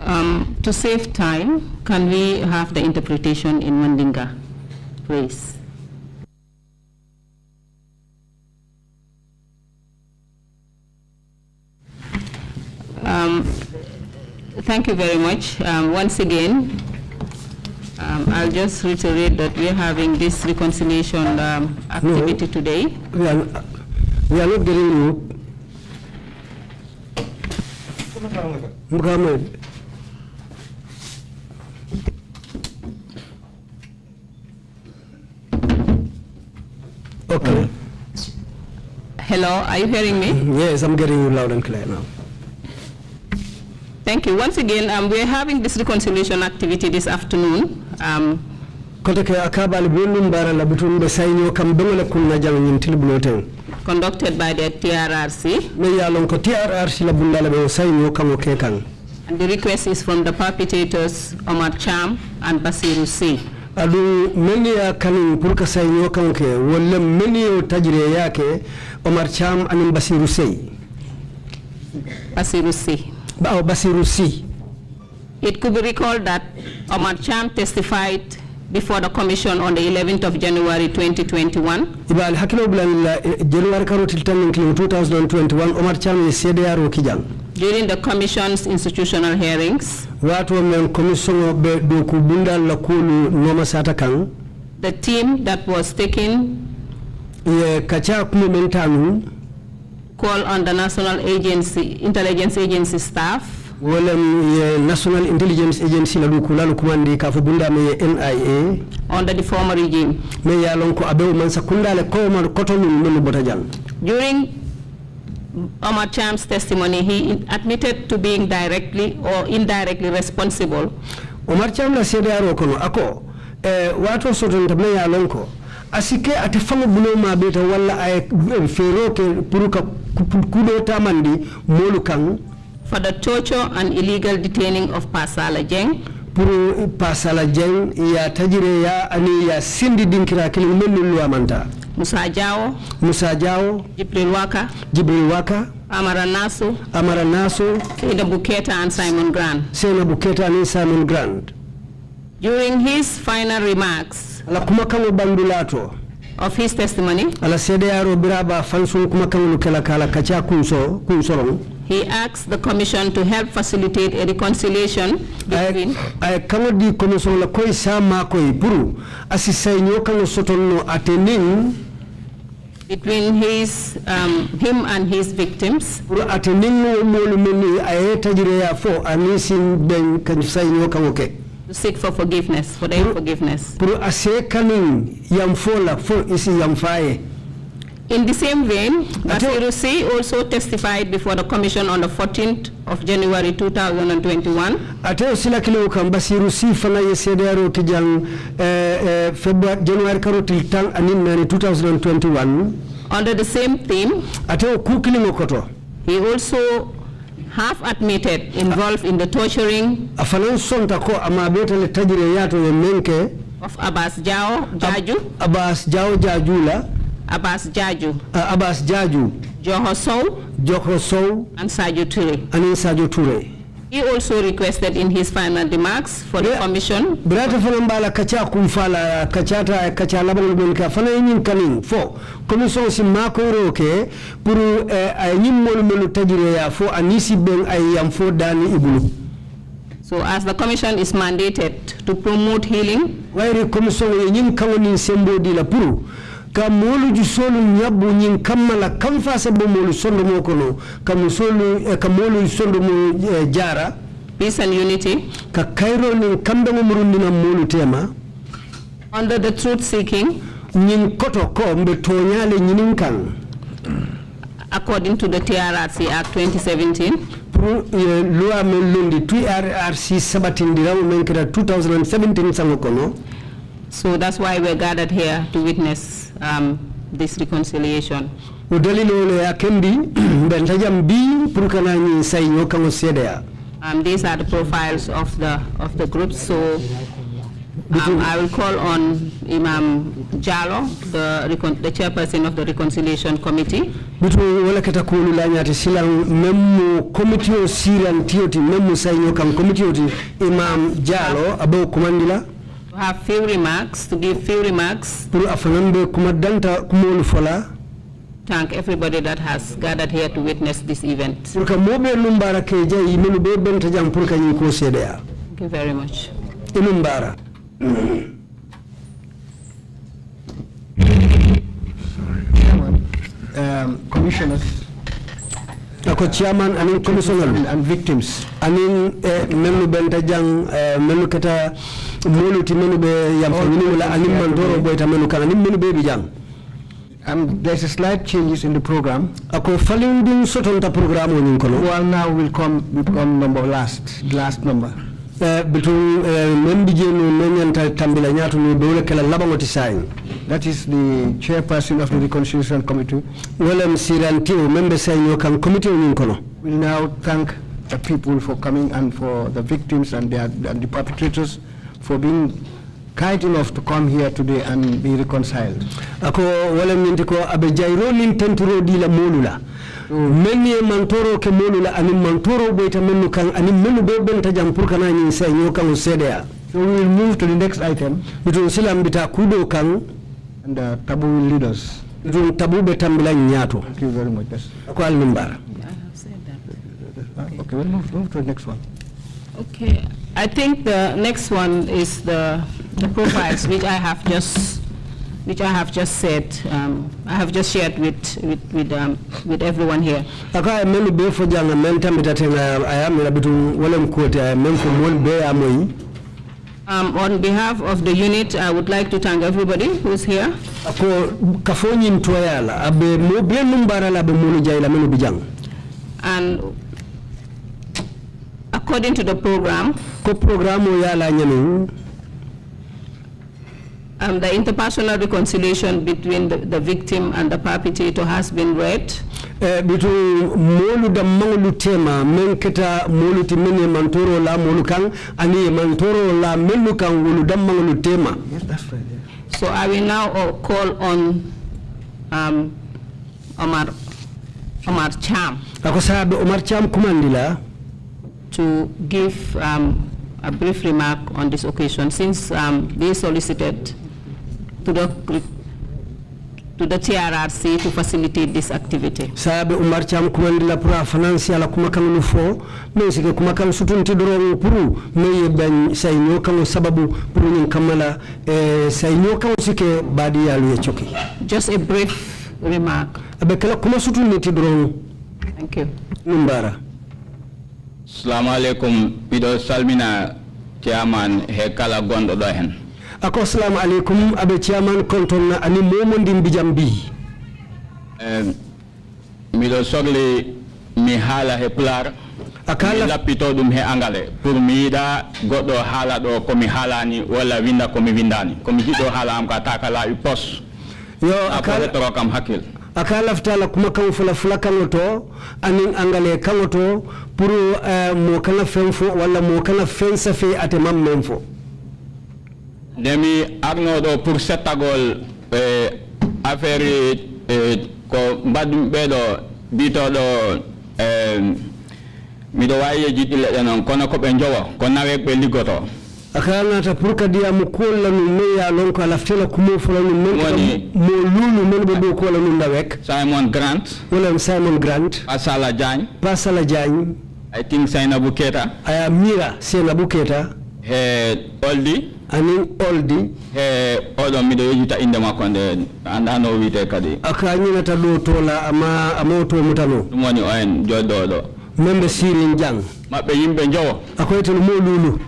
Um, to save time, can we have the interpretation in Mandinga, please? Um, thank you very much. Um, once again, um, I'll just reiterate that we're having this reconciliation um, activity no, today. We are, we are not getting you. Muhammad. Okay. Hello, are you hearing me? Yes, I'm getting you loud and clear now. Thank you. Once again, um, we're having this reconciliation activity this afternoon. Um, kote ke akabal bulum bara la bitun be sayno kam be ngala kunna jang nyin tilbuloten conducted by the TRRC me yalon ko TRRC la bundala be sayno kam o kekan and the request is from the perpetrators Omar Cham and Basiru C adu meni ya kanin pour ka sayno kam ke wala meni o tajire yake Omar Cham and Basiru C Basiru C ba Basiru C It could be recalled that Omar Cham testified before the Commission on the 11th of January 2021. Ibal hakilo 2021 Omar During the Commission's institutional hearings. Watu bunda lakulu The team that was taken. Ye kacha kumentanu. Call on the National Agency, Intelligence Agency staff wolen ye national intelligence agency la ko ka fo ye nia on former regime ya lon ko abew man koto during Omar Cham's testimony, he admitted to being directly or indirectly responsible. Omar Cham la sede aro kono ako wato soton tamne ya lonko asike ate fango bulo ma beta wala ay fero ke puruka kudo tamandi molu kan for the torture and illegal detaining of Pasala Jeng. Pour Pasala Jeng ya tajire ya ani ya sindi dinkira kili umenu luamanta. Musa Jao. Musa Jao. Jibril Waka. Jibril Waka. Amara Nasu. Amara Nasu. Saina Buketa and Simon Grant. Saina Buketa and Simon Grant. During his final remarks. Ala kumakamu bandulato. of his testimony. Ala sede ya robira ba fansun kumakamulu kala kacha kunso kunsolong. He asks the Commission to help facilitate a reconciliation between... Ay kanga di Commission la koi sa ma koi puru asisay nyo kanga sotono atening between his, um, him and his victims. To seek for forgiveness, for their forgiveness. In the same vein, Basirusi also testified before the commission on the 14th of January 2021. Eh, eh, January 2021. Under the same theme, ate okukili ngokoto. He also half admitted involved in the torturing afanan sonta ko ama betale of Abbas Jao Jaju Ab Abbas Jao Jajula Abbas Jaju. Uh, Abbas Jaju. Joho Sow. Joho Sow. And Sajo Ture. And Sajo Ture. He also requested in his final remarks for yeah. the commission. Brata fanambala kacha kumfala kachata kacha labang lubelika fana yin kanin fo commission si makoro ke puru eh, ay yin molu molu tajire ya fo anisi ben ay yam dani ibulu. So as the commission is mandated to promote healing. Wairi commission yin kawani sembo di la puru ka moolu jusolu ñabbu ñin kammala kam fase bo moolu sondo mo kono ka musolu eh, ka moolu sondo mo eh, jara peace and unity ka kayro nin kambe mo murundina moolu tema under the truth seeking ñin koto ko mbe toñale ñinin kan according to the TRRC Act 2017 pour uh, eh, loi men londi TRRC sabatindirawo men kata 2017 sango kono so that's why we're gathered here to witness um, this reconciliation. Um, these are the profiles of the of the groups. So um, I will call on Imam Jalo, the, the chairperson of the reconciliation committee. Bitu wala katakulu la nyati sila memu committee o sila ntioti memu sayo kango committee Imam Jalo abo kumandila to have few remarks, to give few remarks. Thank everybody that has gathered here to witness this event. Thank you very much. Um, commissioners, uh, chairman and and victims anin eh, memnu benta jang eh, memnu keta moluti menu be yam fa oh, wini wala anin man doro boyta menu kan anin menu be bi jang Um, there's a slight changes in the program. Ako falin din soton ta programo nin kono. Well now will come become number last last number. Uh, eh, between uh, membi jenu nenyanta tambila nyatu ni bewle kala labango tisain. That is the chairperson of the reconciliation committee. Wala msirantiwo membe sayo kan committee nin kono. We'll now thank the people for coming and for the victims and, their, and the perpetrators for being kind enough to come here today and be reconciled. Ako wala minti ko abe jairo nin di la mm. mantoro ke mantoro beta be benta jam ni So we will move to the next item. Itun silam bita kudo kan and uh, tabu leaders. tabu betambila nyato. Thank you very much. Ako Okay, we'll move, move to the next one. Okay, I think the next one is the, the profiles, which I have just which I have just said, um, I have just shared with with with, um, with everyone here. Aka be jang uh, be Um, on behalf of the unit, I would like to thank everybody who's here. Ako mtoyala abe mo be la be bijang. And according to the program, um, the interpersonal reconciliation between the, the, victim and the perpetrator has been read. Eh, bitu molu da Molu tema men keta molu ti mantoro la molu kang ani mantoro la Molu kang Molu da Molu tema yes that's right yeah. so i will now uh, call on um omar omar cham ako sabe omar cham kumandila to give um, a brief remark on this occasion since um, they solicited to the, to the TRRC to facilitate this activity. Sabe Umar Cham pura puru, ben sababu sike badi choki. Just a brief remark. Thank you. Numbara assalamu aleykum miɗo salmina ciyaman he kala gonɗo ako assalamu aleykum aɓe ciyaman konton ani momodin bijam bi eh, miɗo sohli mi haala akala lappito ɗum he angale pour mi yiɗa goɗɗo haala ɗo komi halani walla winda komi windani komi jiɗɗo haala am ka taka laaɓi pos yo akala toro kam hakkille aka laftala kuma kaŋo fula fula kaŋo to aniŋ angale kaŋo to puru eh, mokana moo wala mokana fo walla moo kana demi arno ɗo pour settagol eh, affaire eh, ko mbaɗum ɓeɗo bitoɗo eh, miɗo wawi yejiɗi leɗɗe noon kono koɓe jowo ko nawe ɓe liggoto akanata pour kadi ya mo kolla num me ya lon ko la fela ko mo fola num men mo lulu men bo do kola num dawek Simon Grant wala Simon Grant Asala Jagne Pasala Jagne I think Sainabu Keita aya Mira Sainabu Keita he Oldi anin Oldi he mi do yita inde makko nde no wite kadi ta do to la ama ama tomutano ɗum woni o en jodo do men ɓe sirin jang maɓɓe yimɓe jowo akoyten mo lulu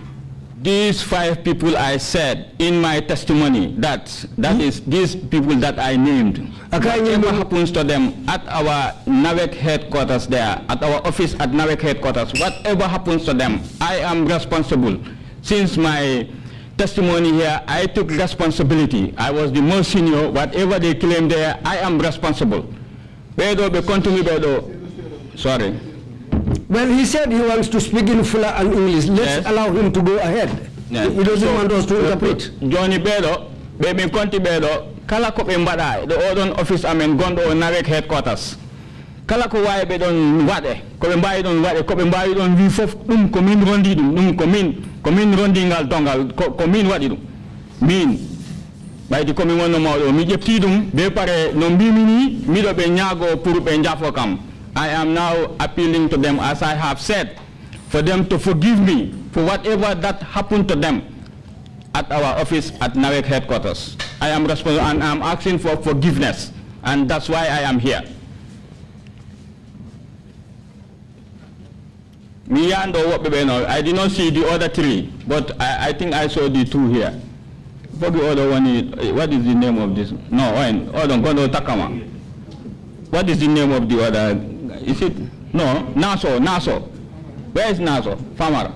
these five people I said in my testimony, that, that is these people that I named, whatever happens to them at our NAVEC headquarters there, at our office at NAVEC headquarters, whatever happens to them, I am responsible. Since my testimony here, I took responsibility. I was the most senior. Whatever they claim there, I am responsible. Sorry. Well, he said he wants to speak in Fula and English. Let's yes. allow him to go ahead. Yes. He doesn't so, want us to interpret. Johnny Bello, Baby Conti Bello. kala ko the mbaɗa ɗo oɗon office amen gonɗo o headquarters kala ko don ɓe ɗon waɗe koɓe mbawi ɗon waɗe koɓe mbawi komin rondi um komin komin rondi ngal dongal komin waɗi ɗum min ɓaydi komin wonno mawɗo mi ƴefti ɗum be pare no mbimi ni miɗo ɓe ñaago pour ɓe kam I am now appealing to them, as I have said, for them to forgive me for whatever that happened to them at our office at NAWEC headquarters. I am responsible and I'm asking for forgiveness, and that's why I am here. Me and I did not see the other three, but I, I think I saw the two here. For the other one what is the name of this? No, I don't go to Takama. What is the name of the other is it? No, Naso? Naso. Where is Naso? Famara.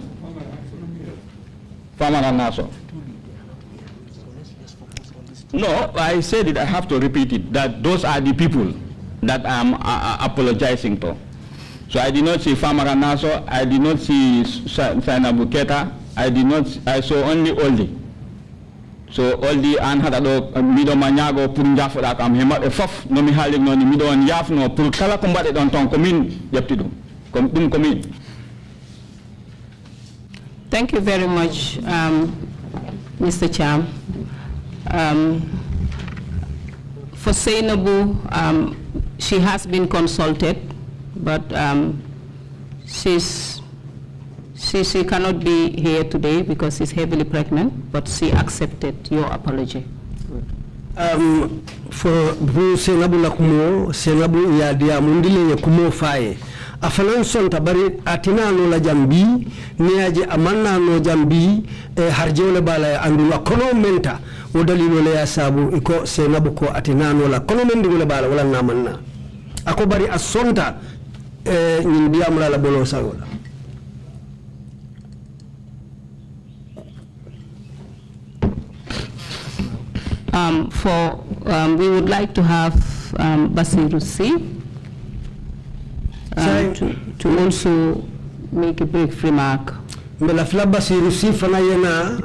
Famara, Naso. No, I said it, I have to repeat it, that those are the people that I'm uh, uh apologizing to. So I did not see Famara Naso. I did not see Sana Buketa, I did not, I saw only Oldie so oldi an haɗa ɗo miɗo ma ñaago pour jafoɗa kam he maɓɓe fof nomi haalir noon ni miɗon yaafno pour kala ko mbaɗe ɗon toon komin ƴefti ɗum comme ɗum komin thank you very much um, mr cham um, for Sainabu, um, she has been consulted but um, she's she cannot be here today because she's heavily pregnant, but she accepted your apology. Um, for bu senabu la kumo senabu ya dia mundile ya kumo faye afalan son tabari atina no la jambi neaje amanna no jambi e harjewle bala andu wa kono menta o dalilo le ya sabu iko senabu ko atina no la kono mendi le bala wala namanna ako bari asonta e nyin la bolo sagola um, for, um, we would like to have um, Basirusi uh, um, to, to also make a brief remark. Mbela fila Basirusi fana yena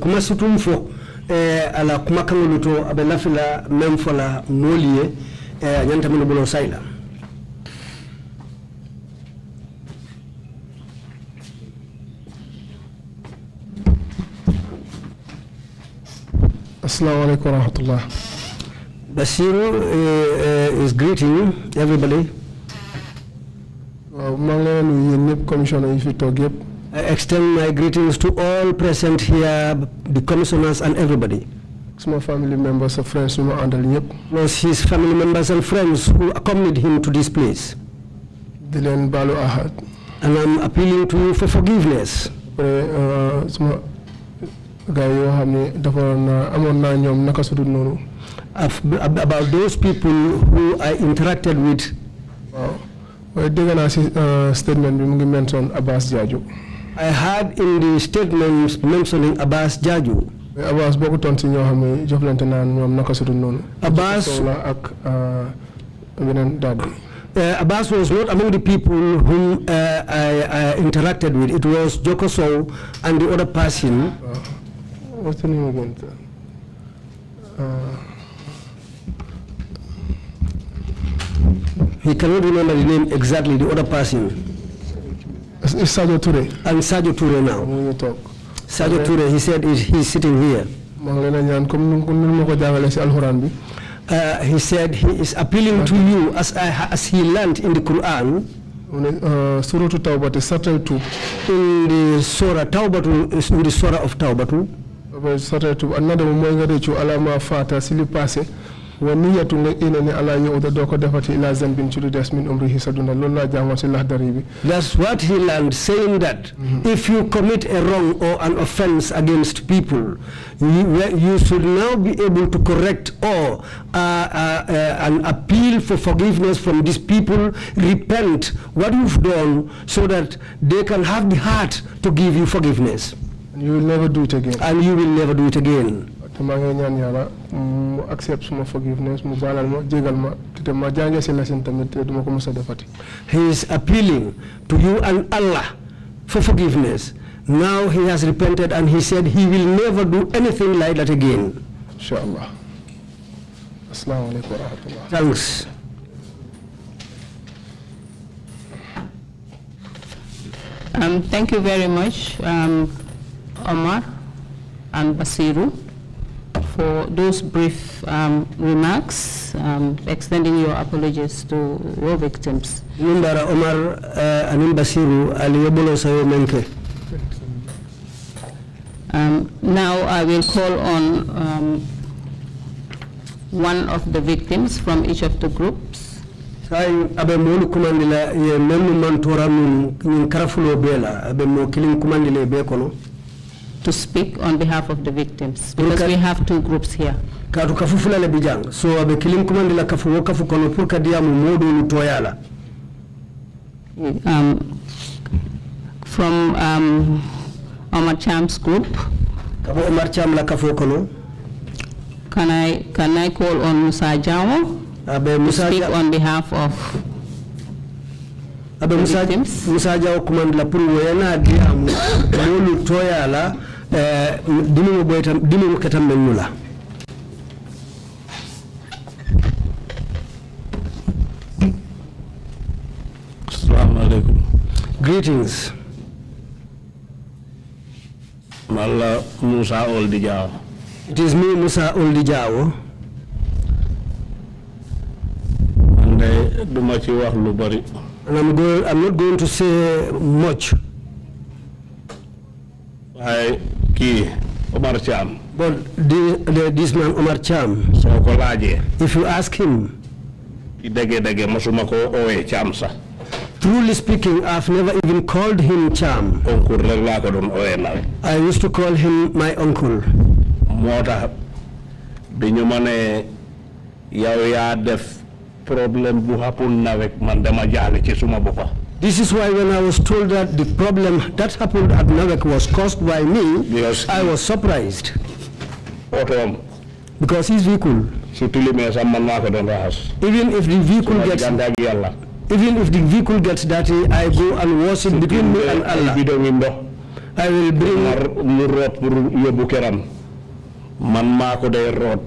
kumasitum fo ala kumakaŋolu to a be lafila la moolu ye ñanta minu bulo sayla Assalamu alaikum wa rahmatullah. Basiru uh, uh, is greeting everybody. I extend my greetings to all present here, the commissioners and everybody. Small family members and friends who are Plus his family members and friends who accompanied him to this place. And I'm appealing to you for forgiveness. Uh, about those people who I interacted with. Euh, statement Abbas I heard in the statement mentioning Abbas Jaaju. Abbas Abbas euh, Uh, Abbas was not among the people whom uh, I, I, interacted with. It was Joko and the other person. Uh -huh what's the name again? Uh, he cannot remember the name exactly, the other person. It's Sadio I'm Sadio Toure now. Sadio okay. Toure, he said he's sitting here. Uh, he said he is appealing to you as, I, as he learned in the Quran. Uh, Surah Tawbat is Surah In the Surah Tawbatu, in the Surah of Tawbatu aɓe sotatu annada mo moygade cu ala ma fata sili passé wa niyatu nde inani ala yewde do ko defati ila zambin cuɗudes min umri hisaduna lolla jamati lahdari ɓe that's what he learned saying that mm -hmm. if you commit a wrong or an offense against people you, you should now be able to correct or uh, uh, uh, an appeal for forgiveness from these people repent what you've done so that they can have the heart to give you forgiveness you will never do it again. And you will never do it again. accept my forgiveness, He is appealing to you and Allah for forgiveness. Now he has repented and he said he will never do anything like that again. Inshallah. Assalamu alaikum wa Thanks. Um, thank you very much. Um, Omar and Basiru for those brief um, remarks, um, extending your apologies to your victims. Nundara Omar uh, and Basiru Aliyobolo Sayo Menke. Um, now I will call on um, one of the victims from each of the groups. Sai abe mulu kumandila ye memu mantora min karafulo bela abe mo kilin kumandile be kono to speak on behalf of the victims because we have two groups here bijang so abe kilim kumandila kafu kono modu um, from um, Omar Cham's group kabo Omar Cham la kafu can I can I call on Musa Jawo abe Musa speak on behalf of abe Musa Musa Jawo kumandila pour woyana diyamu molu toyala Eh, boy tam tam assalamu alaikum greetings malla musa oldi it is me musa oldi duma ci wax lu bari and i'm i'm not going to say much i kii Omar Cham. But the, the, this man Omar Cham. soo ko laajee. if you ask him. ki dëgg dëgg mosuma koo oowee Cham sax. Truly speaking, I've never even called him Cham. Uncle rek ko doon oowee nag. I used to call him my uncle. moo tax bi ñu ma ne yow def problème bu na rek man dama jaaxle ci this is why when I was told that the problem that happened at Navek was caused by me, yes. I was surprised. Um, because his vehicle, even if the vehicle gets even if the vehicle gets dirty, I go and wash it between me and Allah. I will bring man maa ko day root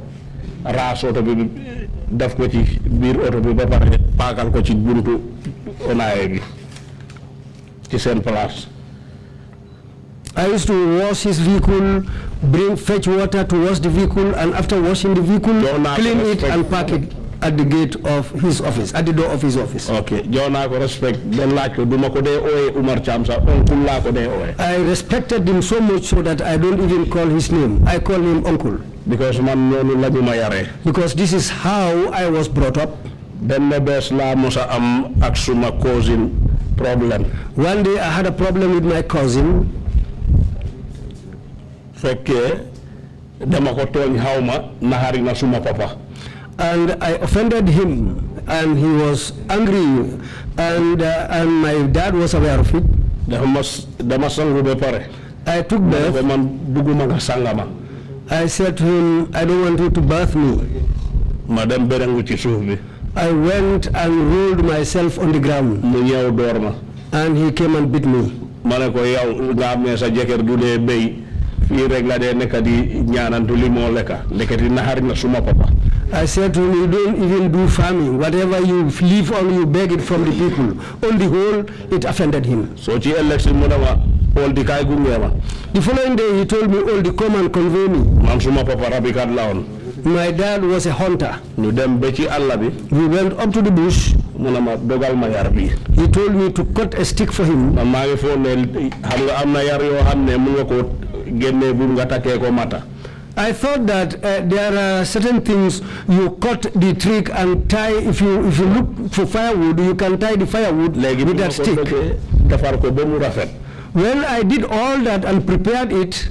raas oto bi daf ko ci biir oto bi ba pare ko ci buntu bi ci seen place. I used to wash his vehicle, bring fetch water to wash the vehicle, and after washing the vehicle, clean it and pack it at the gate of his office, at the door of his office. Okay, jox I respect den laaj ko du ma ko dee ooyee Umar Cham oh, eh. I respected him so much so that I don't even call his name. I call him uncle. Because man noonu la ñu ma yaree. Because this is how I was brought up. benn bés laa mos a am ak suma cousin problem. One day I had a problem with my cousin. Fekke dama nahari na papa. And I offended him and he was angry and uh, and my dad was aware of it. Dama dama sangu I took bath. I said to him, I don't want you to bath me. Madam Berengu ci suuf I went and rolled myself on the ground. and he came and beat me. nga sa béy rek la ñaanantu li na suma papa. I said to him, you don't even do farming. Whatever you live on, you beg it from the people. On the whole, it offended him. So she election munama all the kai gungema. The following day, he told me all the come and convey me. Mamsuma papa rabikat laon. My dad was a hunter. We went up to the bush. He told me to cut a stick for him. I thought that uh, there are certain things you cut the trick and tie. If you if you look for firewood, you can tie the firewood with that stick. When I did all that and prepared it,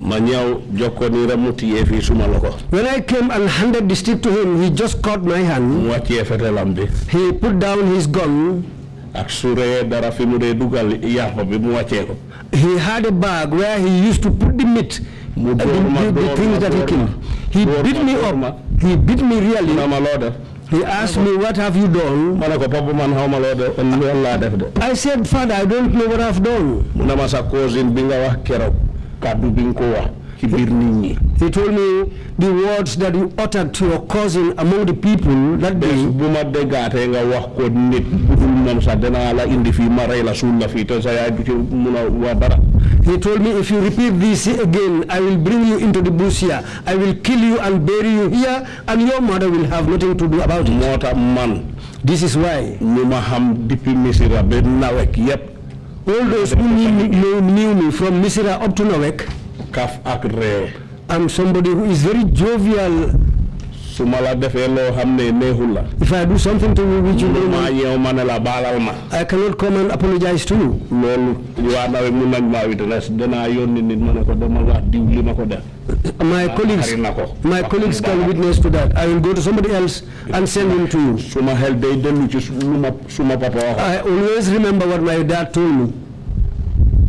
when I came and handed the stick to him, he just caught my hand. He put down his gun. He had a bag where he used to put the meat, the things that he killed. He beat me up. He beat me really. He asked me, what have you done? I said, Father, I don't know what I've done kaddu he told me the words that you uttered to your cousin among the people that day. bu nit indi He told me, if you repeat this again, I will bring you into the bush here. I will kill you and bury you here, and your mother will have nothing to do about it. What a man. This is why. Yep. All those who knew, knew me from Misira up to Novak. I'm somebody who is very jovial neexul la. if I do something to you which you don't maa ma I cannot come and apologize to you. loolu waa nawet mun nañ witness danaa yónni nit ma dama wax diw li def. my colleagues my colleagues can witness to that I will go to somebody else and send him to you. suma xel day ci suma papa wax. I always remember what my dad told me.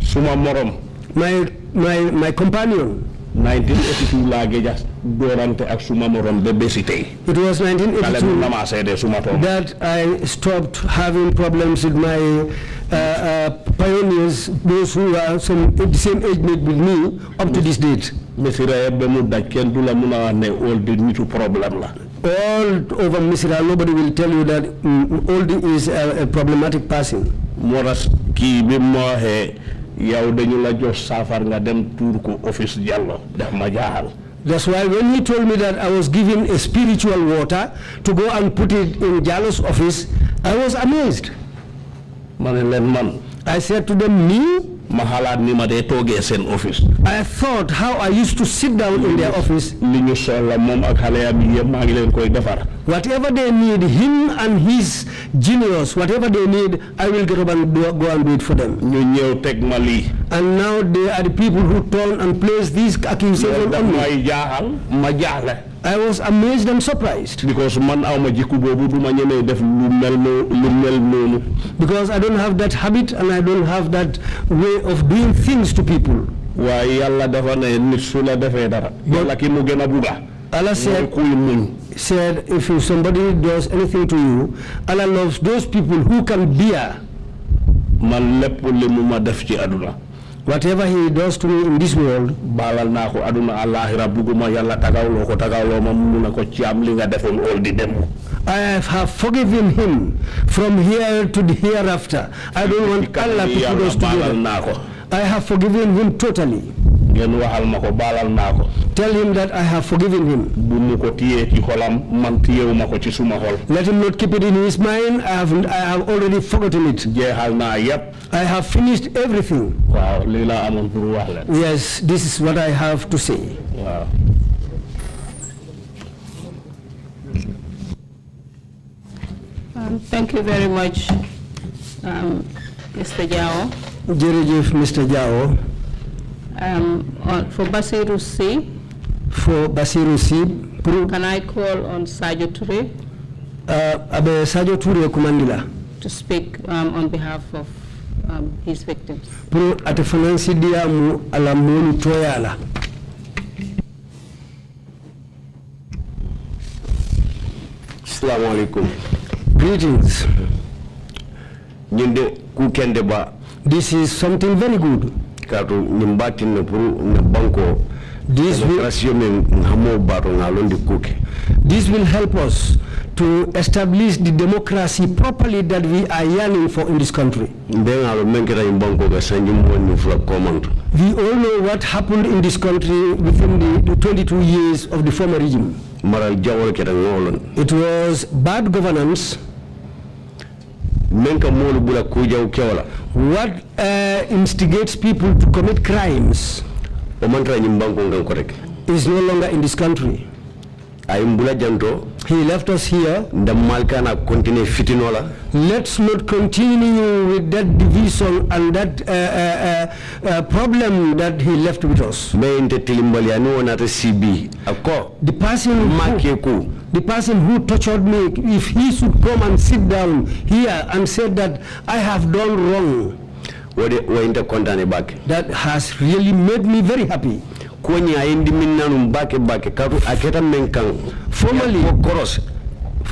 suma morom. my my my companion. 1982 it was 1982 that I stopped having problems with my uh, uh, pioneers those who are some same age mate with me up to this date. all over Misira, nobody will tell you that old mm, is a, problematic person yow dañu la jox nga dem ko office ma jaaxal. That's why when he told me that I was given a spiritual water to go and put it in Jallow's office, I was amazed. I said to them, me ni ma office. I thought how I used to sit down in their office. ak ngi koy defar. whatever they need him and his genius whatever they need I will get up and go and do it for them. ñu ñëw and now they are the people who turn and place these accusations on me. may ma I was amazed and surprised. Because I don't have that habit and I don't have that way of doing things to people. Waaye Allah said, said if somebody does anything to you, Allah loves those people who can bear whatever he does to me in this world balal aduna buguma yalla tagawlo ko tagawlo muna ko ciam li nga all di dem I have forgiven him from here to the hereafter. I don't want Allah to do those to I have forgiven him totally ngeen waxal ma ko baalal naa ko. Tell him that I have forgiven him. bu mu ko ci xolam man ma ko ci suma xol. Let him not keep it in his mind. I have I have already forgotten it. jeexal naa I have finished everything. waaw lii laa amoon pour wax leen. Yes, this is what I have to say. waaw. Um, thank you very much, um, Mr. Jao. Mr. Jao. Um, for Basiru C. For Basiru C. Can I call on Sajo Toure? Uh, Abe Sajo Toure Kumandila. To speak um, on behalf of um, his victims. Pro atafanansi diamu alamulu toyala. Assalamualaikum. Assalamu alaikum. Greetings. This is something very good kaatu ñiŋ baa tinna pour na This will, this will help us to establish the democracy properly that we are yearning for in this country. We all know what happened in this country within the, the 22 years of the former regime. It was bad governance. What uh, instigates people to commit crimes is no longer in this country. Aimbula Janto. He left us here. The Malkana continue fitinola. Let's not continue with that division and that uh, uh, uh, uh problem that he left with us. The person who, the person who tortured me, if he should come and sit down here and say that I have done wrong, that has really made me very happy koñi bake formally koros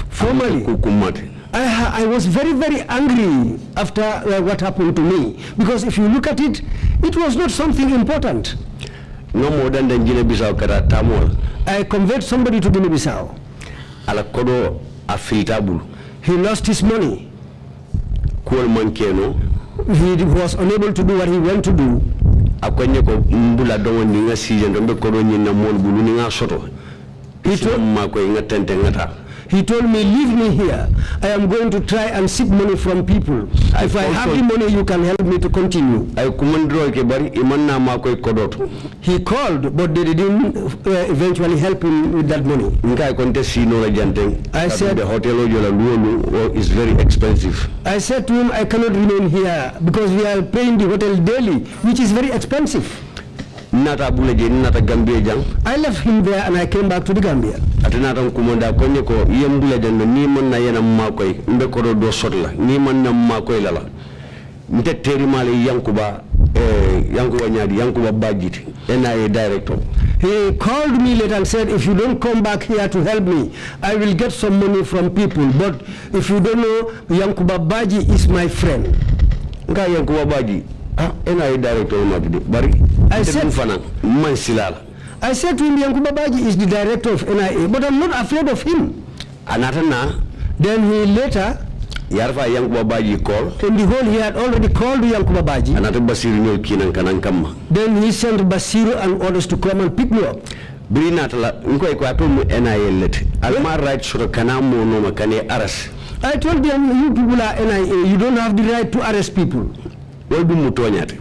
formally I, I was very, very angry after uh, what happened to me. Because if you look at it, it was not something important. No more than the Guinea-Bissau kata Tamil. I convert somebody to Guinea-Bissau. Ala kodo He lost his money. Kuol mankeno. He was unable to do what he went to do akwenye ko mbula dongo ni nga sijen dombe koro nyina mol bulu ni nga soto ito ma ko nga tente nga ta he told me, leave me here. I am going to try and seek money from people. If I have the money, you can help me to continue. He called, but they didn't uh, eventually help him with that money. I said, the hotel is very expensive. I said to him, I cannot remain here because we are paying the hotel daily, which is very expensive. Nata Buleje, Nata Gambia Jang. I left him there and I came back to the Gambia. Atinata Nkumonda konye ko yem Buleje no ni man na yena makoi mbe koro do sotla ni man na makoi lala. Nte teri male yankuba eh, yankuba nyadi yankuba bajit NIA director. He called me later and said, if you don't come back here to help me, I will get some money from people. But if you don't know, Yankuba Baji is my friend. Nka Yankuba Baji, ah, NIA director, bari I said, I said to him, Yankuba Baji is the director of NIA, but I'm not afraid of him. Anatana. Then he later Yarfa Yankuba Baji called. In the hall, he had already called Yankuba Baji. Anata Basiru Kinankanankamma. Then he sent Basiru and orders to come and pick me up. Brinatala, Nkoi I told them, you people are NIA, you don't have the right to arrest people wol ɗum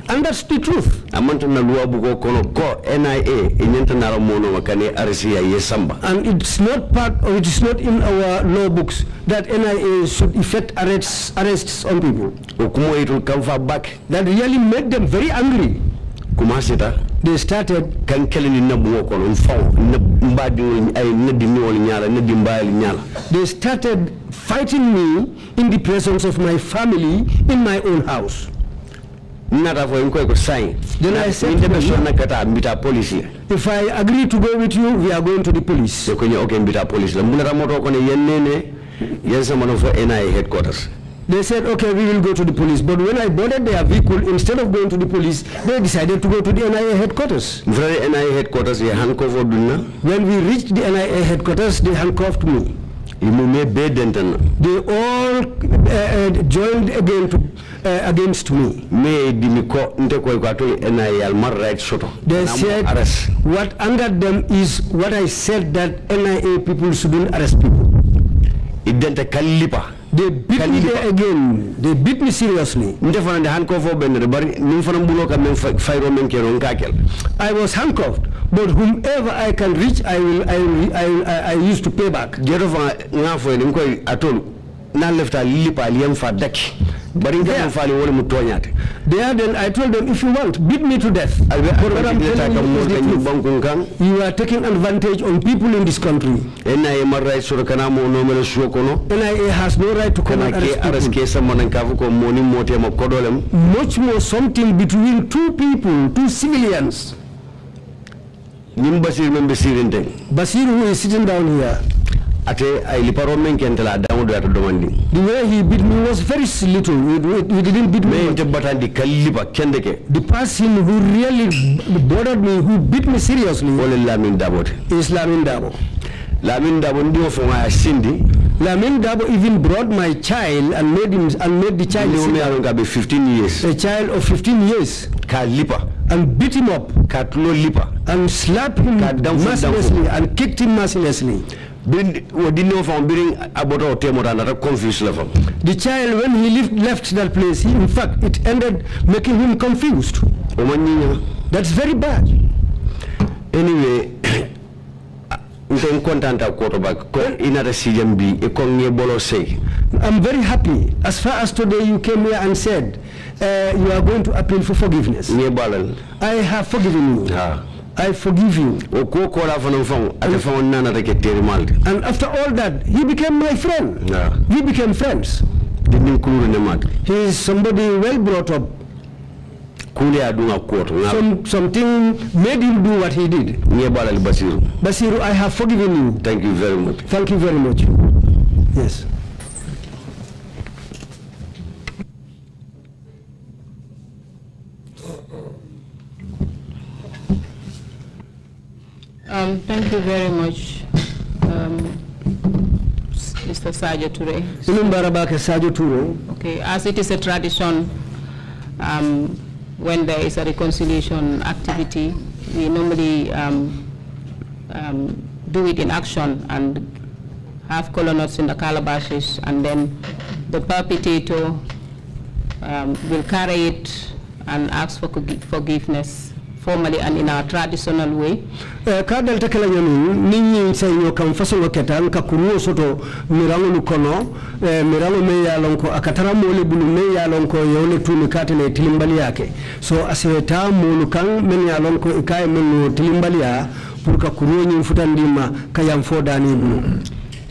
and that's the truth amantana loi bugo kono ko nia e ñantanara monoma kane arsia ye samba and it's not part or it is not in our law books that nia should effect arrests arrests on people Okumo, it will come far back. that really made them very angry commenceta they started kan kelini nabugo kono n faw mbadi, ay nadiniwol ñaala nadi mbayal ñaala they started fighting me in the presence of my family in my own house nata fo in koy sign then i said inde be sonna kata mbita police if i agree to go with you we are going to the police ko okay mbita police nia headquarters they said, okay, we will go to the police. But when I boarded their vehicle, instead of going to the police, they decided to go to the NIA headquarters. Very NIA headquarters, they handcuffed When we reached the NIA headquarters, they handcuffed me. They all uh, uh, joined against uh, me. They said what under them is what I said that NIA people shouldn't arrest people. They beat me again. They beat me seriously. I was handcuffed but whomever I can reach, I will, I will, I, will, I, I used to pay back. at all. Now left Jerova ngafo ni mkoi atolu na lefta lilipa aliyemfa daki. Baringa yeah. mfali wole mutonyate. There then I told them if you want beat me to death. I will. But what I'm telling you You are taking advantage on people in this country. NIA marai surakana mo nomele shuokono. NIA has no right to come and arrest people. Much more something between two people, two civilians. Basir who is sitting down here. The way he beat me was very little. We didn't beat me. The person who really bothered me, who beat me seriously, is Lamin Dabo. Lamin Dabo ndio fonga ashindi. Lamin Dabo even brought my child and made him and made the child. 15 years. A child of 15 years. Kalipa and beat him up lipa, and slapped him mercilessly and kicked him mercilessly the child when he left, left that place he, in fact it ended making him confused that's very bad anyway I'm very happy. As far as today you came here and said uh, you are going to appeal for forgiveness. I have forgiven you. Yeah. I forgive you. And, and after all that, he became my friend. Yeah. We became friends. He is somebody well brought up. Some, something made him do what he did. Basiru. Basiru, I have forgiven you. Thank you very much. Thank you very much. Yes. Um, thank you very much, um, Mr. Sajo Ture. Okay, as it is a tradition, um, when there is a reconciliation activity, we normally um, um, do it in action and have colonels in the calabashes, and then the perpetrator um, will carry it and ask for forgiveness formally and in a traditional way? kam eh, ka soto kono eh, mirango me akatara mole bulu me yone tilimbali yake so aseta mulu kan men men tilimbali ya pour ka ka yam bulu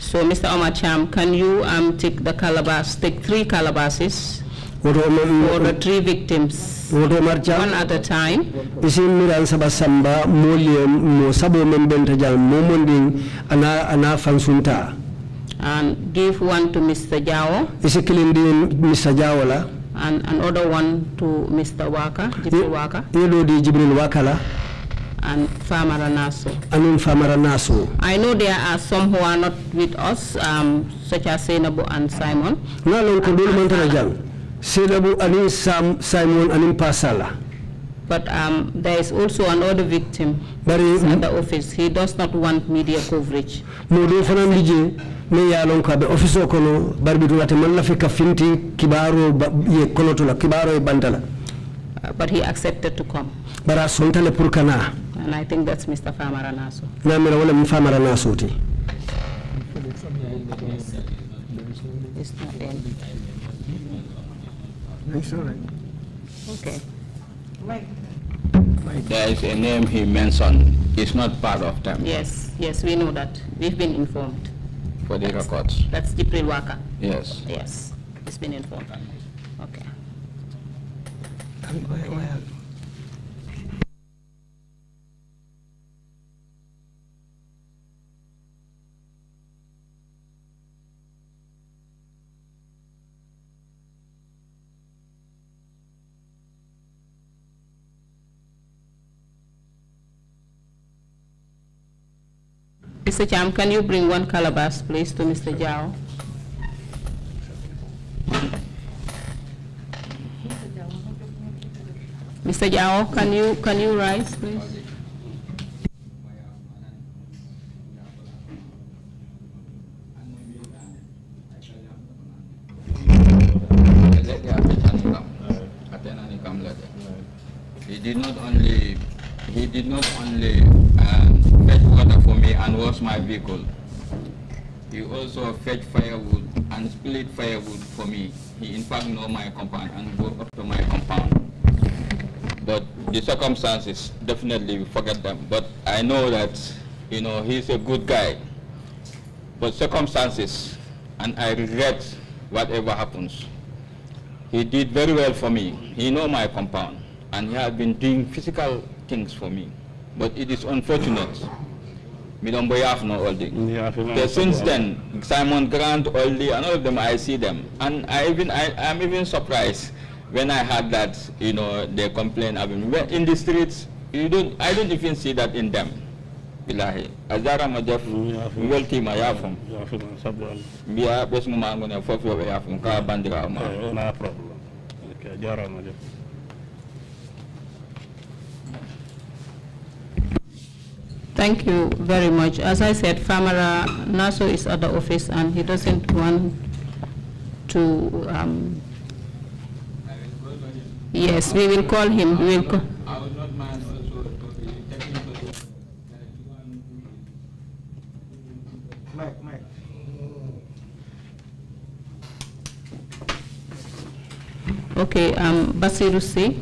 So Mr. Omacham, can you um, take the calabash, take three calabashes for the three victims one at a time samba mo sabo fansunta and give one to Mr. Jao isikilindi Mr. Jao la and another one to Mr. Waka Waka di Waka la and Farmer Naso. Anun Farmer Naso. I know there are some who are not with us, um, such as Senabu and Simon. No, no, and, and, and, Senabu Anin Sam Simon Anin Pasala. But um, there is also another victim Bari, in the office. He does not want media coverage. No, do fana mije me ya lon office kono barbi lati man kafinti kibaro ye kono to kibaro e bandala. Uh, but he accepted to come. Bara sontale pour kana. And I think that's Mr. Famara Naso. Na mira wala Famara Naso ti. Okay. Right. There is a name he mentioned. It's not part of them. Yes, yes, we know that. We've been informed. For the that's, records. That's pre-worker. Yes. Yes, it's been informed. Okay. okay. Mr. Cham, can you bring one calabash, please, to Mr. Jao? Mr. Jao, can you, can you rise, please? vehicle. He also fetched firewood and split firewood for me. He in fact know my compound and go up to my compound. But the circumstances, definitely we forget them. But I know that, you know, he's a good guy. But circumstances, and I regret whatever happens. He did very well for me. He know my compound, and he has been doing physical things for me. But it is unfortunate don't buy Minombo no Holding. Yeah, so since then, Simon Grant, Oldie, and all of them, I see them. And I even, I, I'm even surprised when I had that, you know, they complain about me. In the streets, you don't, I don't even see that in them. Bilahi. Azara Majaf, mm, Welti Mayafum. Bia Besmu Mangun, Fofio Yafum, Ka Bandira. No problem. Okay, Jara Majaf. Thank you very much. As I said, Famara Naso is at the office and he doesn't want to. Um, yes, we will call him. We will call. Okay, um, Basirusi,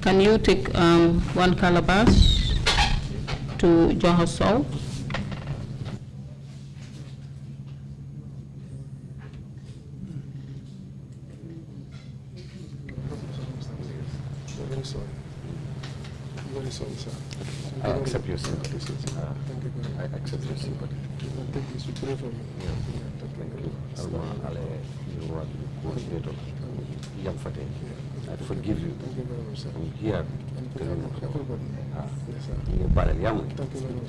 can you take um, one calabash? Instituto de Arrosol,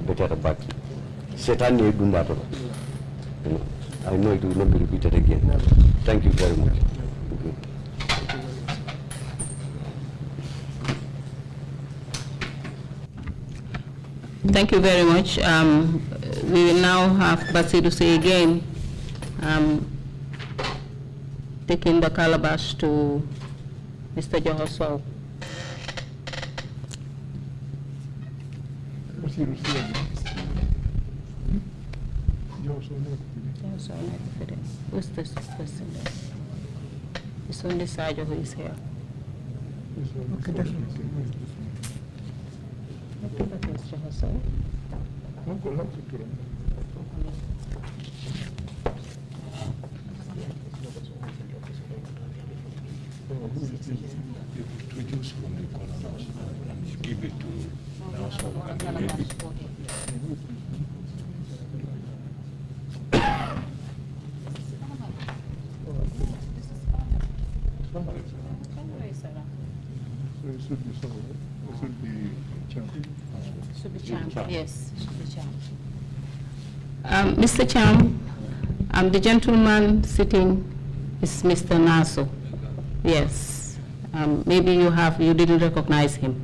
better but Satan do that. You know, I know it will not be repeated again. Thank you very much. Thank you very much. Um, we will now have Basiru say again, um, taking the calabash to Mr. Johoswal. cirurgia Yawsona tafiri, ustas fasila. Isonde sajo huiseo. Ukida. Ukida kusha hasa. Mungu lakutura. Yes, Mr. Cham. Um, Mr. Cham, um, the gentleman sitting is Mr. Naso. Yes. Um, maybe you have you didn't recognize him.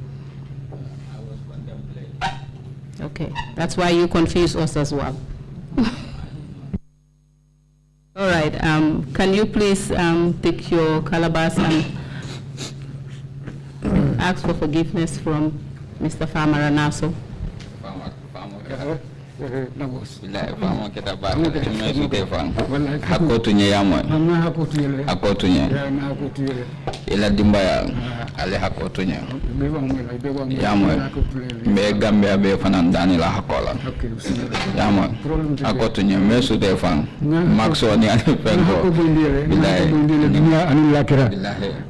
Okay, that's why you confuse us as well. All right, um, can you please um, take your calabash and ask for forgiveness from Mr. Farmer Naso? billahi faama kita baara mais su tey faam hakkootuñe ila dimbaya ale hakko tuña yamo mbe ya be fanan ndani la hako la yamo hakko tuña me su de fan maxo ni ale pengo billahi dunya anil lakira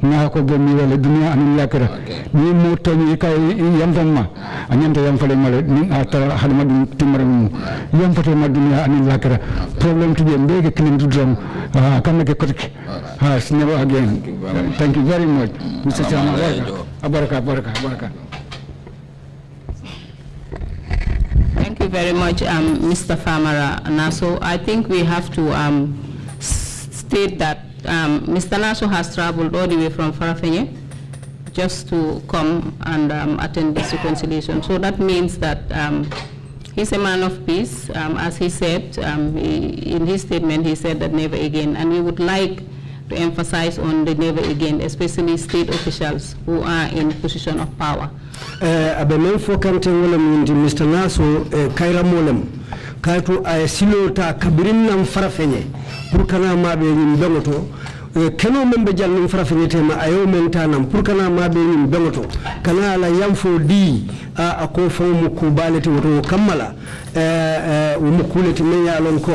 na hako be mi dunia dunya anil lakira ni mo tani kay yam tan ma ah. anyanta yam fale male ni atara halma dum timare mu yam fate ma dunya anil lakira problem tuje mbege kilin dudram ah, kamake kotike ha ah, sinaba again thank you very much, Mr. Chairman. Abaraka, abaraka, abaraka. Thank you very much, um, Mr. Famara Naso. I think we have to um, state that um, Mr. Naso has traveled all the way from Farafenye just to come and um, attend this reconciliation. So that means that um, he's a man of peace. Um, as he said, he, in his statement, he said that never again. And we would like to emphasize on the never again, especially state officials who are in position of power. Eh, abe men fo kante wolem yindi mr naso eh, Kaira molem kayto ay eh, silota kabirin nam farafenye pour kana mabe ñin bengoto keno men men tanam kana di a, ko woto men lon ko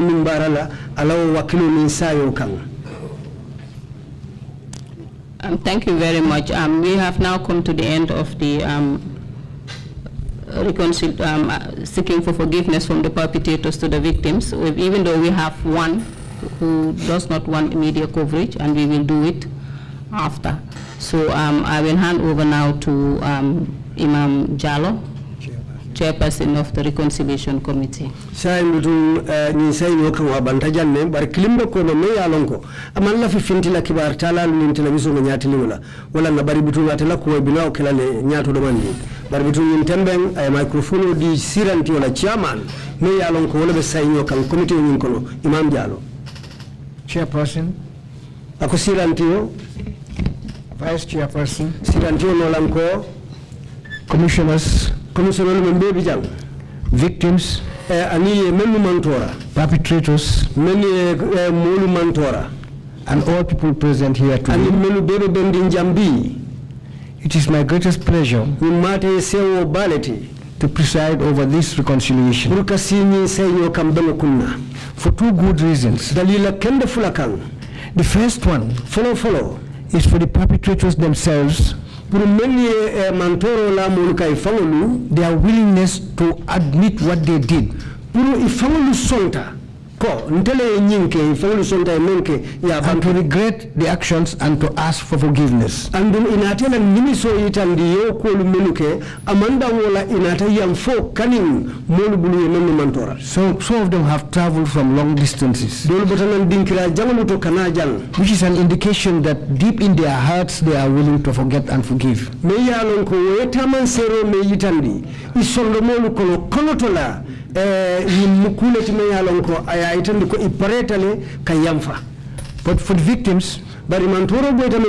min ala min sayo Um, thank you very much. Um, we have now come to the end of the um reconcil um, uh, seeking for forgiveness from the perpetrators to the victims, even though we have one who does not want media coverage, and we will do it after. So um, I will hand over now to um, Imam Jallo chairperson of the reconciliation committee say mutu eh, ni say no kan abanta janne bar kilimbe ko no me yalon ko amal la fi fintila kibar tala min television ngo nyati liwla wala na bari bitu ngata la ko bila o kala le nyato do mandi bar bitu ni temben ay eh, microphone di siranti wala chairman me yalon ko wala be say no kan committee ngun kono imam diallo chairperson ako siranti yo vice chairperson siranti no lan commissioners commissioner men be bijang victims eh, ani melu mantora perpetrators many eh, mulu mantora and all people present here today ani melu bebe bendin jambi it is my greatest pleasure umate sewo baleti to preside over this reconciliation burkasini seyo kambele kunna for two good reasons dalila kende fulakan the first one follow follow is for the perpetrators themselves Eh, their willingness to admit what they did ko to regret the actions and to ask for forgiveness And inatela nimiso itandi yo ko menuke amanda wala inata fo kanin bulu mantora so some of them have traveled from long distances which is an indication that deep in their hearts they are willing to forget and forgive me wetaman sero me isondo yimmu eh, kuule ti men ye a ko a ye a ko i ka yanfa but for the victims bari man toro boyta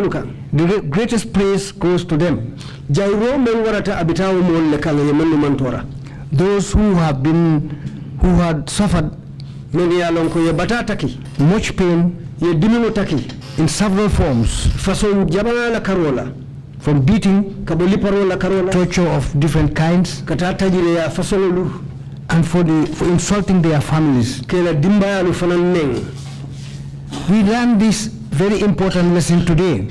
the greatest praise goes to them jayro men warata abitawo mool le kan ye man tora those who have been who had suffered men ye a lon ko ye bata taki much pain ye dimino taki in several forms façon jabana la karo from beating kabo liparo la torture of different kinds kata tajire ya façon lolu and for, the, for insulting their families. We learn this very important lesson today.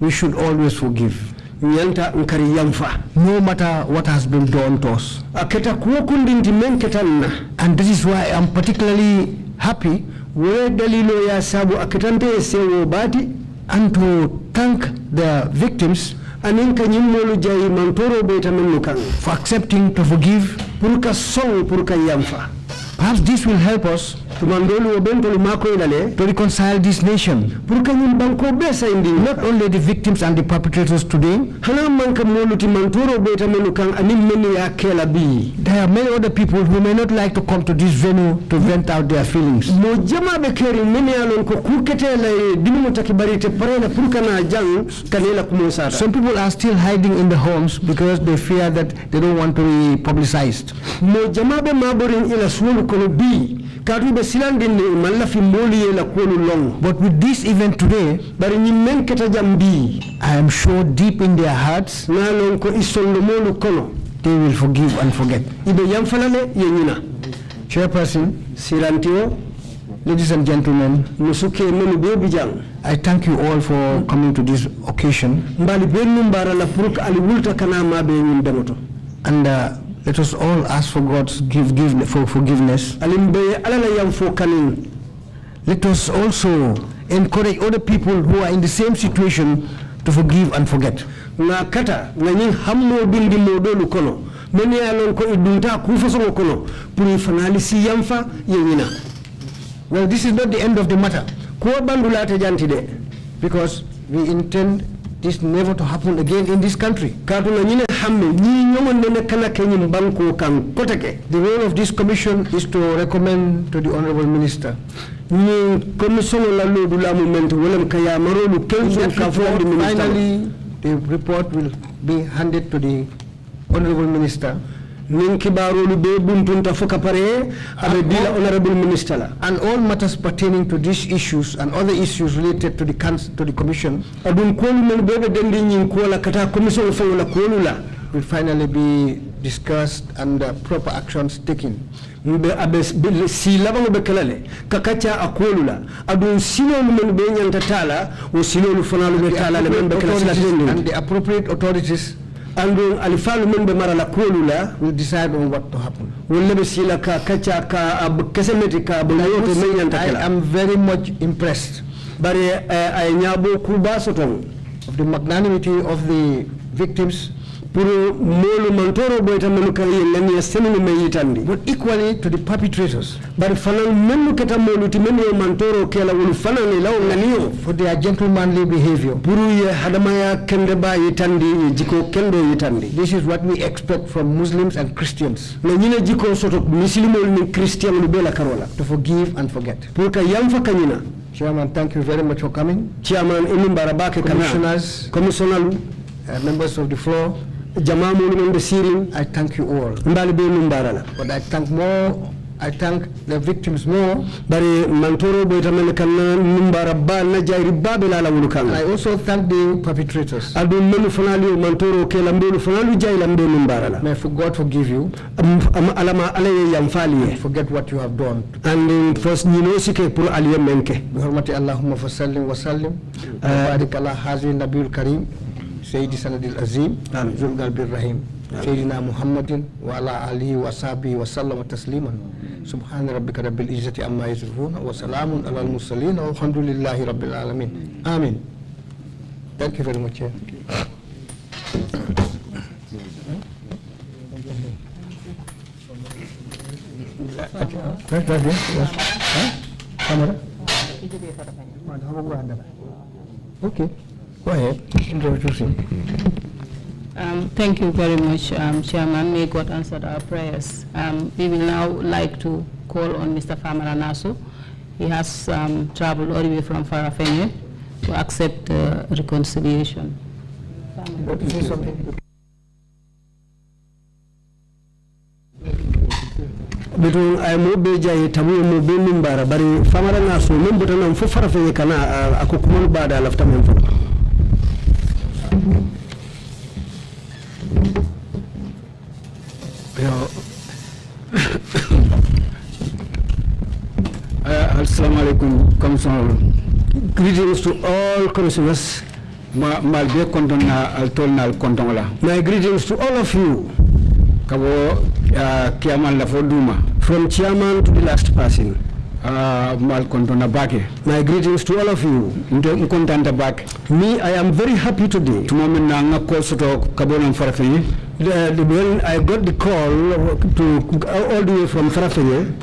We should always forgive. No matter what has been done to us. And this is why I'm particularly happy and to thank the victims anin ka ñimmolu jayi mantoro ɓeyta men no kan for accepting to forgive pour ka song pour ka yamfa perhaps this will help us to reconcile this nation. Not only the victims and the perpetrators today. There are many other people who may not like to come to this venue to vent out their feelings. Some people are still hiding in the homes because they fear that they don't want to be publicized but with this event today bari ñi men keta jambi i am sure deep in their hearts na lon ko isollo molu kono they will forgive and forget ibe yam falale ye ñina chairperson sirantio Ladies and gentlemen, I thank you all for coming to this occasion. And uh, let us all ask for God's give, give, for forgiveness. Let us also encourage other people who are in the same situation to forgive and forget. Na kata na nying hammo bindi modolu kono meni alon ko idunta kufa songo puri fanali si yamfa yewina. Well, this is not the end of the matter. Kuwa bandulate janti de because we intend this never to happen again in this country. The role of this commission is to recommend to the Honorable Minister Finally, the report will be handed to the Honorable Minister min kibarolu and all matters pertaining to these issues and other issues related to the council, to the commission will finally be discussed and uh, proper actions taken be and the appropriate authorities and alifalu min be mara la kuolu la will decide on what to happen wolle sila ka kacha ka ab kesemeti ka bo yoto men yanta kala i am very much impressed bare eh, ay nyabo kuba sotom of the magnanimity of the victims but equally to the perpetrators. But for their gentlemanly behavior. This is what we expect from Muslims and Christians. To forgive and forget. Chairman, thank you very much for coming. Chairman, Commissioners, Commissioner, uh, members of the floor jama mum ɓe sirin i thank you all mbaali be num mbarala but i thank more I thank the victims more. Bari mantoro boita men kanna numbara ba na jairi ba bela la wulukanga. I also thank the perpetrators. Albu menu fanali mantoro ke lambe lu fanali jai lambe May God forgive you. alama alaye yamfali. Forget what you have done. And first you know sike pur aliye menke. Bi hurmati Allahumma fasallim wa sallim. Uh, barik ala hazin nabiyul karim. سيدي سند العظيم زمد الرحيم سيدنا محمد وعلى آله وصحبه وسلم تسليما سبحان ربك رب العزة عما يصفون وسلام على المرسلين والحمد لله رب العالمين آمين Thank you very much. Okay. you. كاميرا؟ اوكي Go ahead, introduce him. Um, thank you very much, um, Chairman. May God answer our prayers. Um, we will now like to call on Mr. Famara Nasu. He has um, traveled all the way from Farafenye to accept uh, reconciliation. bitu ay mo be jaye tabu mo be mimbara bari famara nasu min butanam fu farafenye kana uh, akoko mon bada laftam en fo greetings, all, greetings to all Christmas. Malbe My greetings to all of you. Kabo From chairman to the last person. Ah, My greetings to all of you. Me, I am very happy today. Tumamina ngakosoto kabona mfarafini the, the, when I got the call to all the way from Farafenye,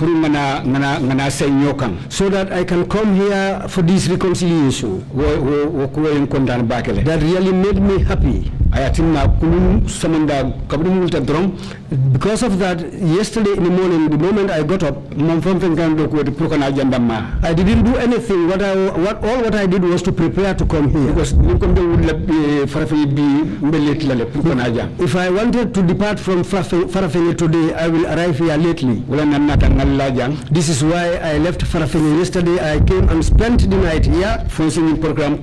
so that I can come here for this reconciliation. That really made me happy. Because of that, yesterday in the morning, the moment I got up, I didn't do anything. What I, what, all what I did was to prepare to come here. Because eh, if I want wanted to depart from Farafenni today. I will arrive here lately. This is why I left Farafenni yesterday. I came and spent the night here program,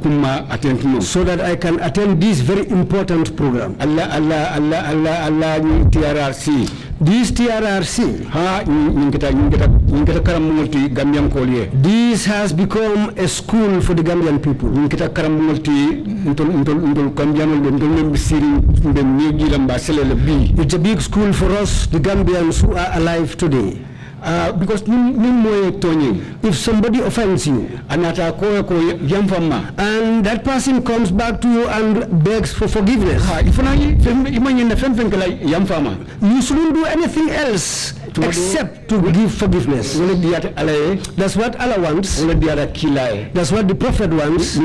so that I can attend this very important program. Allah, Allah, Allah, Allah, Allah, these TRRC This has become a school for the Gambian people. It's a big school for us, the Gambians who are alive today. Uh, because if somebody offends you and that person comes back to you and begs for forgiveness you shouldn't do anything else accept, to give forgiveness. That's what Allah wants. That's what the Prophet wants.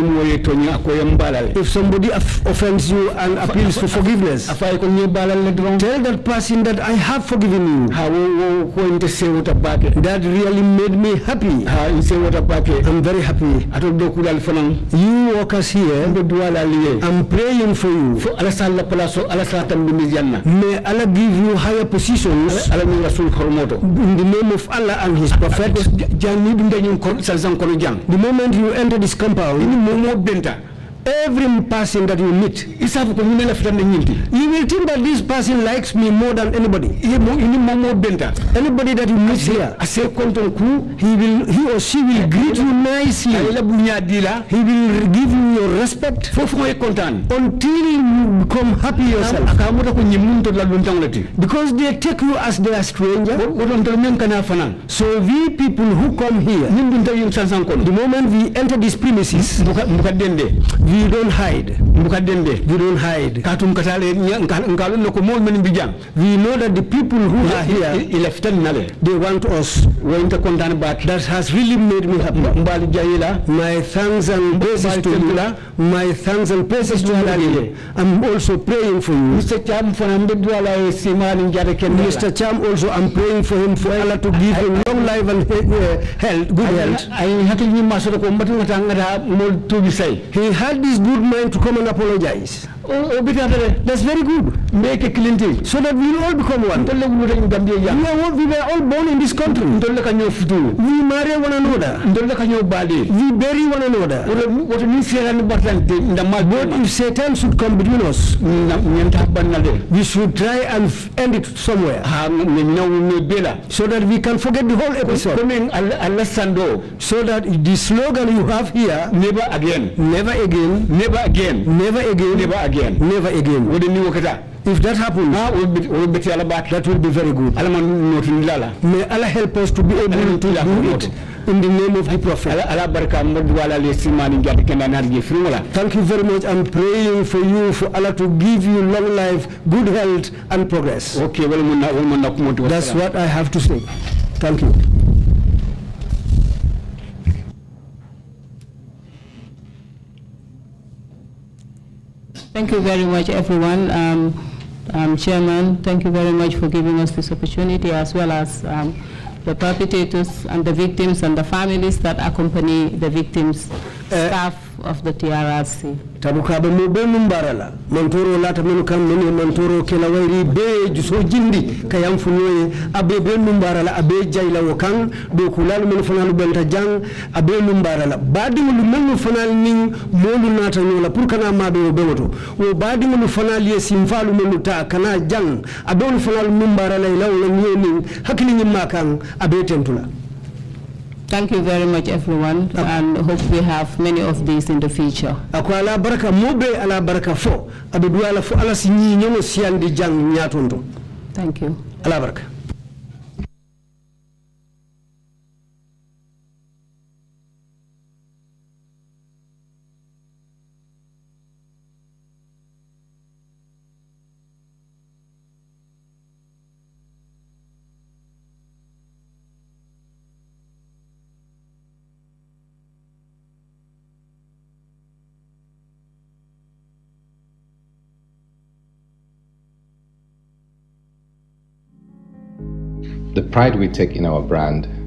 If somebody offends you and appeals for forgiveness, tell that person that I have forgiven you. That really made me happy. I'm very happy. You workers here, I'm praying for you. May Allah give you higher positions. In the name of Allah and His Prophet, the moment you enter this compound, every person that you meet you will think that this person likes me more than anybody anybody that you meet here he will he or she will greet you nicely he will give you your respect until you become happy yourself because they take you as their stranger so we people who come here the moment we enter these premises we you don't hide mukadende you don't hide katum katale we know that the people who are here ilaftan nale they want us when to condemn but that has really made me happy mbali jayila my thanks and praises to you my thanks and praises to you i'm also praying for you mr cham fanambe dwala simani jare kendala mr cham also i'm praying for him for allah to give him long life and health good health i hakil ni masoro ko mbatin ngata mol say he had this good man to come and apologize. Oh, oh, that's very good. Make a clean day. So that we will all become one. We, are all, we were all born in this country. We marry one another. We bury one another. But if Satan should come between us, we should try and end it somewhere. So that we can forget the whole episode. So that the slogan you have here, never again, never again, never again, never again, never again again. Never again. If that happens, ah, that will be very good. May Allah help us to be able to do it in the name of the Prophet. Thank you very much. I'm praying for you, for Allah to give you long life, good health, and progress. Okay, That's what I have to say. Thank you. Thank you very much, everyone. Um, um, Chairman, thank you very much for giving us this opportunity, as well as um, the perpetrators and the victims and the families that accompany the victims, uh, staff of the TRRC tabu ka be mo be mum barala man toro lata men kam men man toro kela wayri be juso jindi kayam funoye abe be mum barala abe jayla wo kan do kulal men fanal benta jang abe mum barala badi mo men fanal ni molu nata nyola pour kana ma do be woto wo badi fanal ye simfalu men ta kana jang abe mo fanal mum barala law la nyeni hakli nyima kan abe tentula Thank you very much, everyone, ah. and hope we have many of these in the future. Ako ala baraka mobe ala baraka fo ala fo ala jang Thank you. Ala baraka. pride we take in our brand